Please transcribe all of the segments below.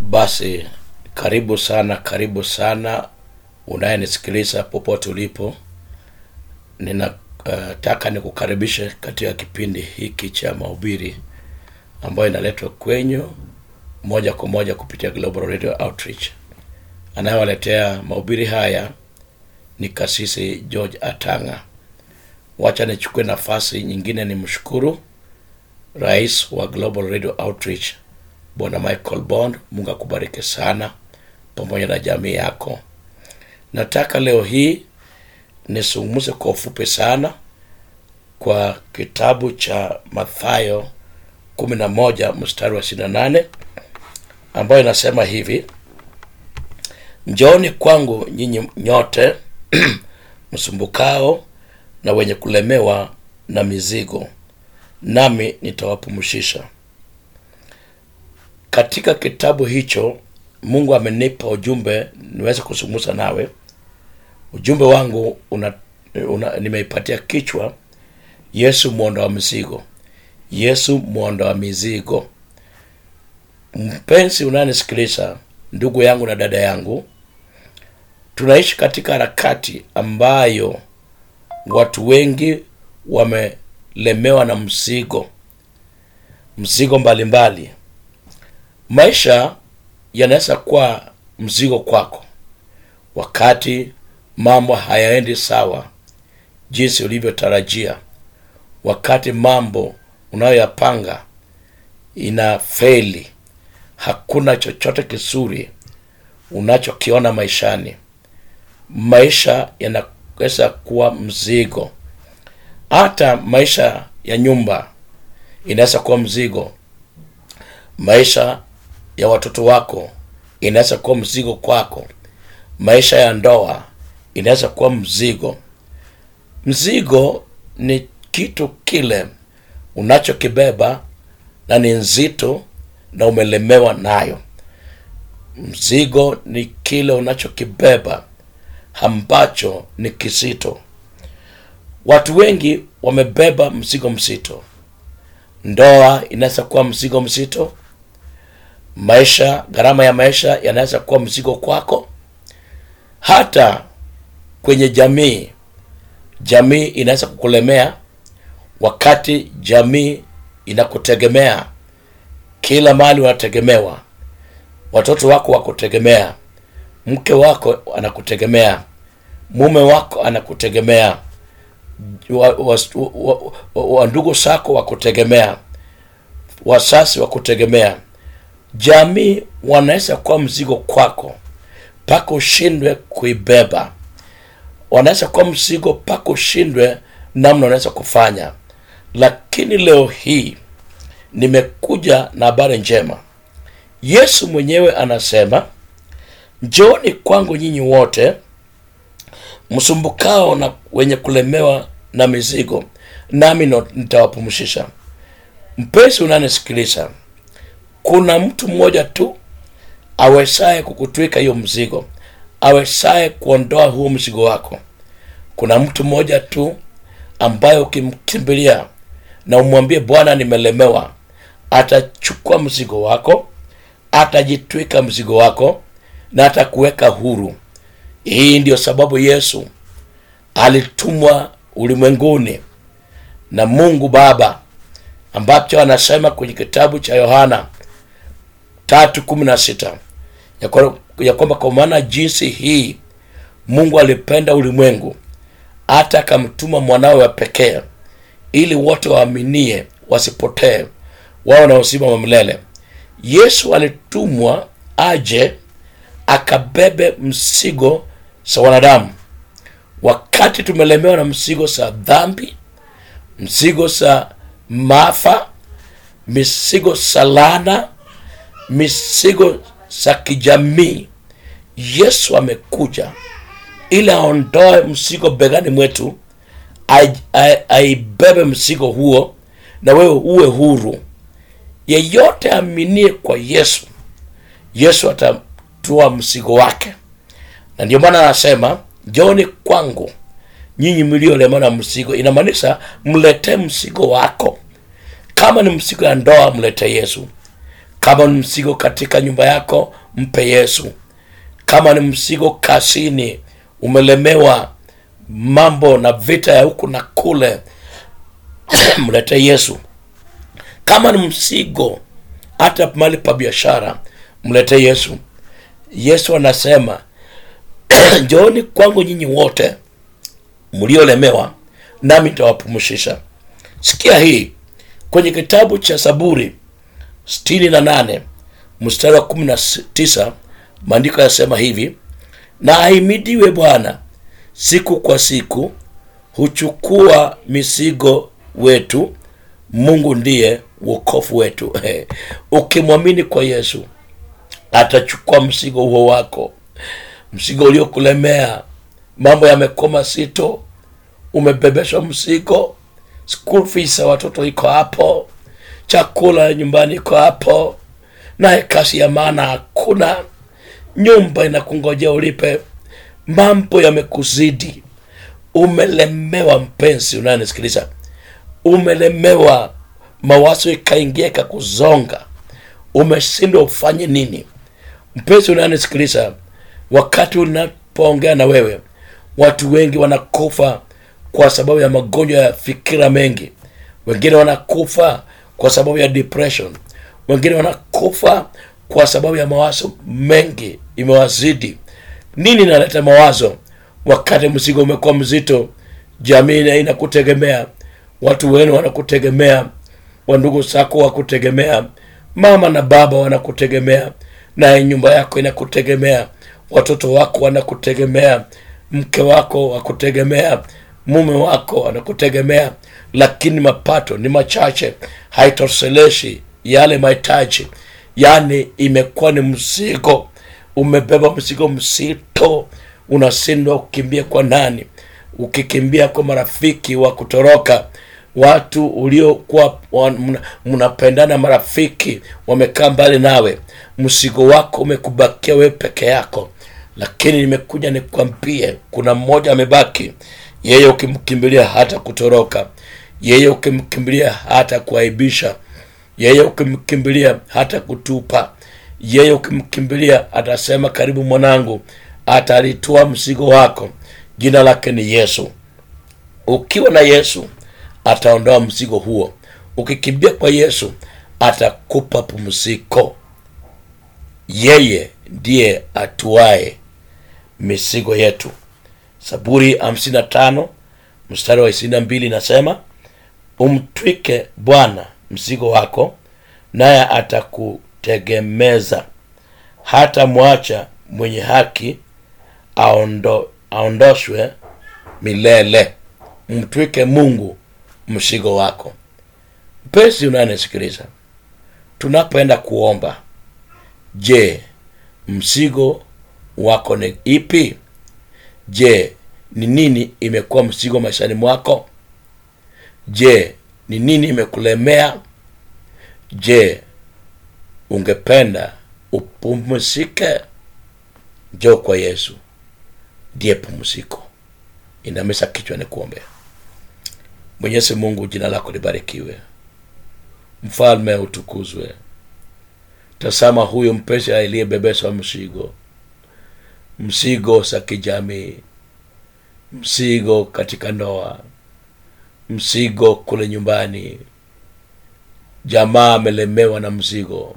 Basi karibu sana, karibu sana unayenisikiliza popote ulipo, ninataka eh, uh, nikukaribishe katika kipindi hiki cha maubiri ambayo inaletwa kwenyu moja kwa moja kupitia Global Radio Outreach. Anayewaletea maubiri haya ni Kasisi George Atanga. Wacha nichukue nafasi nyingine ni mshukuru rais wa Global Radio Outreach Bwana Michael Bond, Mungu akubariki sana pamoja na jamii yako. Nataka leo hii nisungumuze kwa ufupi sana kwa kitabu cha Mathayo 11 mstari wa 28 ambayo inasema hivi: Njooni kwangu nyinyi nyote msumbukao na wenye kulemewa na mizigo, nami nitawapumshisha katika kitabu hicho Mungu amenipa ujumbe niweze kuzungumza nawe. Ujumbe wangu una, una, nimeipatia kichwa Yesu mwondoa wa mizigo. Yesu mwondoa wa mizigo. Mpenzi unanisikiliza, ndugu yangu na dada yangu, tunaishi katika harakati ambayo watu wengi wamelemewa na mzigo, mzigo mbalimbali mbali. Maisha yanaweza kuwa mzigo kwako wakati mambo hayaendi sawa jinsi ulivyotarajia, wakati mambo unayoyapanga ina feli hakuna chochote kizuri unachokiona maishani. Maisha yanaweza kuwa mzigo. Hata maisha ya nyumba inaweza kuwa mzigo. Maisha ya watoto wako inaweza kuwa mzigo kwako. Maisha ya ndoa inaweza kuwa mzigo. Mzigo ni kitu kile unachokibeba na ni nzito na umelemewa nayo. Mzigo ni kile unachokibeba ambacho ni kizito. Watu wengi wamebeba mzigo mzito. Ndoa inaweza kuwa mzigo mzito maisha, gharama ya maisha yanaweza kuwa mzigo kwako, hata kwenye jamii. Jamii inaweza kukulemea wakati jamii inakutegemea kila mali, wanategemewa, watoto wako wakutegemea, mke wako anakutegemea, mume wako anakutegemea, wandugu wa, wa, wa, wa zako wakutegemea, wasasi wakutegemea Jamii wanaweza kuwa mzigo kwako mpaka ushindwe kuibeba, wanaweza kuwa mzigo mpaka ushindwe namna unaweza kufanya. Lakini leo hii nimekuja na habari njema. Yesu mwenyewe anasema, njooni kwangu nyinyi wote msumbukao na wenye kulemewa na mizigo, nami nitawapumshisha mpesi unanesikiliza kuna mtu mmoja tu awesaye kukutwika hiyo mzigo, awesaye kuondoa huo mzigo wako. Kuna mtu mmoja tu ambaye ukimkimbilia na umwambie Bwana, nimelemewa, atachukua mzigo wako, atajitwika mzigo wako na atakuweka huru. Hii ndiyo sababu Yesu alitumwa ulimwenguni na Mungu Baba, ambacho anasema kwenye kitabu cha Yohana tatu kumi na sita ya kwamba kwa maana jinsi hii Mungu alipenda ulimwengu hata akamtuma mwanawe wa pekee ili wote waaminie wasipotee wao na uzima wa milele. Yesu alitumwa aje akabebe msigo za wanadamu. Wakati tumelemewa na msigo za dhambi, msigo za maafa, misigo salana misigo za kijamii. Yesu amekuja ili aondoe msigo begani mwetu, aibebe msigo huo na wewe uwe huru. Yeyote aminie kwa Yesu, Yesu atatoa msigo wake, na ndio maana anasema joni kwangu nyinyi mliolemewa na mzigo. Inamaanisha mletee mzigo wako, kama ni mzigo ya ndoa, mletee Yesu. Kama ni mzigo katika nyumba yako, mpe Yesu. Kama ni mzigo kazini, umelemewa mambo na vita ya huku na kule, mlete Yesu. Kama ni mzigo hata mali pa biashara, mlete Yesu. Yesu anasema njooni kwangu nyinyi wote mliolemewa, nami nitawapumzisha. Sikia hii kwenye kitabu cha Zaburi sitini na nane mstari wa kumi na tisa maandiko yasema hivi, na ahimidiwe Bwana siku kwa siku, huchukua misigo wetu. Mungu ndiye uokofu wetu. Ukimwamini kwa Yesu atachukua msigo huo wako, msigo uliokulemea, mambo yamekuwa mazito, umebebeshwa msigo, school fees ya watoto iko hapo chakula nyumbani kwa hapo, naye kazi ya maana hakuna, nyumba inakungojea ulipe, mambo yamekuzidi, umelemewa. Mpenzi unayenisikiliza, umelemewa, mawazo ikaingia ikakuzonga, umeshindwa ufanye nini? Mpenzi unayenisikiliza, wakati unapoongea na wewe, watu wengi wanakufa kwa sababu ya magonjwa ya fikira mengi, wengine wanakufa kwa sababu ya depression, wengine wanakufa kwa sababu ya mawazo mengi imewazidi. Nini inaleta mawazo? Wakati mzigo umekuwa mzito, jamii inakutegemea, watu wenu wanakutegemea, wandugu zako wakutegemea, mama na baba wanakutegemea, naye nyumba yako inakutegemea, watoto wako wanakutegemea, mke wako wakutegemea mume wako anakutegemea, lakini mapato ni machache, haitosheleshi yale mahitaji. Yaani imekuwa ni mzigo, umebeba mzigo mzito, unasindwa kukimbia kwa nani, ukikimbia kwa marafiki wa kutoroka watu uliokuwa mnapendana, marafiki wamekaa mbali nawe, mzigo wako umekubakia wewe peke yako lakini nimekuja nikwambie, kuna mmoja amebaki. Yeye ukimkimbilia hata kutoroka, yeye ukimkimbilia hata kuaibisha, yeye ukimkimbilia hata kutupa, yeye ukimkimbilia atasema, karibu mwanangu, atalitoa mzigo wako. Jina lake ni Yesu. Ukiwa na Yesu ataondoa mzigo huo. Ukikimbia kwa Yesu atakupa pumziko. Yeye ndiye atuaye misigo yetu. saburi 55 mstari wa 22 inasema, umtwike Bwana mzigo wako, naye atakutegemeza. Hata mwacha mwenye haki aondo, aondoshwe milele. Umtwike Mungu mzigo wako. mpesi unayenisikiliza, tunapoenda kuomba, je, mzigo wako ni ipi? Je, ni nini imekuwa mzigo maishani mwako? Je, ni nini imekulemea? Je, ungependa upumzike? Njoo kwa Yesu, ndiye pumziko. Inamesa kichwa, nikuombea. Mwenyezi Mungu, jina lako libarikiwe, mfalme utukuzwe. Tazama huyu mpesa aliyebebeswa mzigo msigo za kijamii, msigo katika ndoa, msigo kule nyumbani. Jamaa amelemewa na mzigo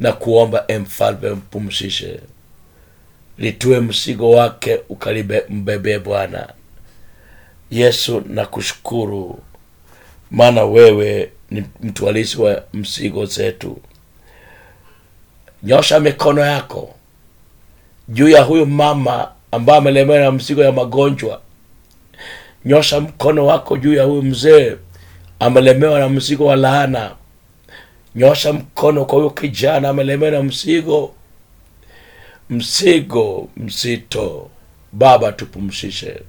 na kuomba emfalme mpumzishe, litue msigo wake ukalibe mbebee Bwana Yesu. Nakushukuru maana wewe ni mtwalisi wa msigo zetu. Nyosha mikono yako juu ya huyu mama ambaye amelemewa na mzigo ya magonjwa. Nyosha mkono wako juu ya huyu mzee amelemewa na mzigo wa laana. Nyosha mkono kwa huyu kijana amelemewa na mzigo, mzigo mzito. Baba, tupumzishe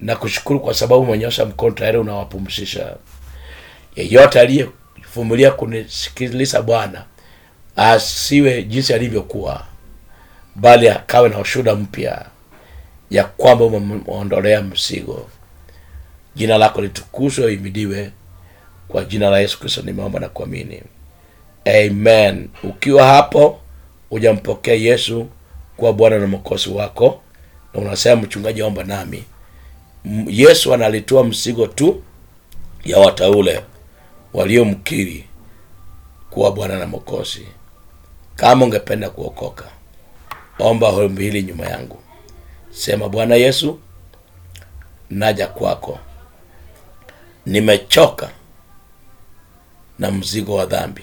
na kushukuru kwa sababu umenyosha mkono tayari, unawapumzisha. Yeyote aliyevumilia kunisikiliza Bwana asiwe jinsi alivyokuwa bali akawe na ushuda mpya ya kwamba umeondolea mzigo. Jina lako litukuzwe, imidiwe kwa jina la Yesu Kristo nimeomba na kuamini, amen. Ukiwa hapo hujampokea Yesu kuwa Bwana na Mwokozi wako na unasema mchungaji, omba nami, Yesu analitoa mzigo tu ya wateule waliomkiri kuwa Bwana na Mwokozi. Kama ungependa kuokoka omba ombi hili nyuma yangu. Sema, Bwana Yesu, naja kwako, nimechoka na mzigo wa dhambi,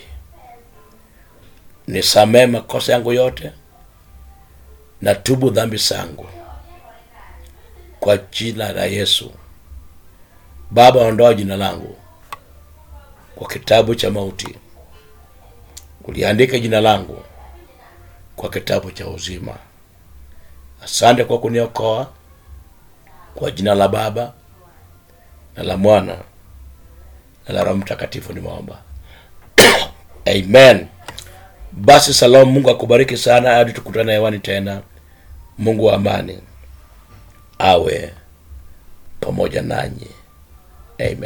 nisamee makosa yangu yote, natubu dhambi zangu kwa jina la Yesu. Baba, ondoa jina langu kwa kitabu cha mauti, uliandika jina langu kwa kitabu cha uzima. Asante kwa kuniokoa kwa jina la Baba na la Mwana na la Roho Mtakatifu nimeomba. Amen. Basi salamu, Mungu akubariki sana hadi tukutane hewani tena. Mungu wa amani awe pamoja nanyi. Amen.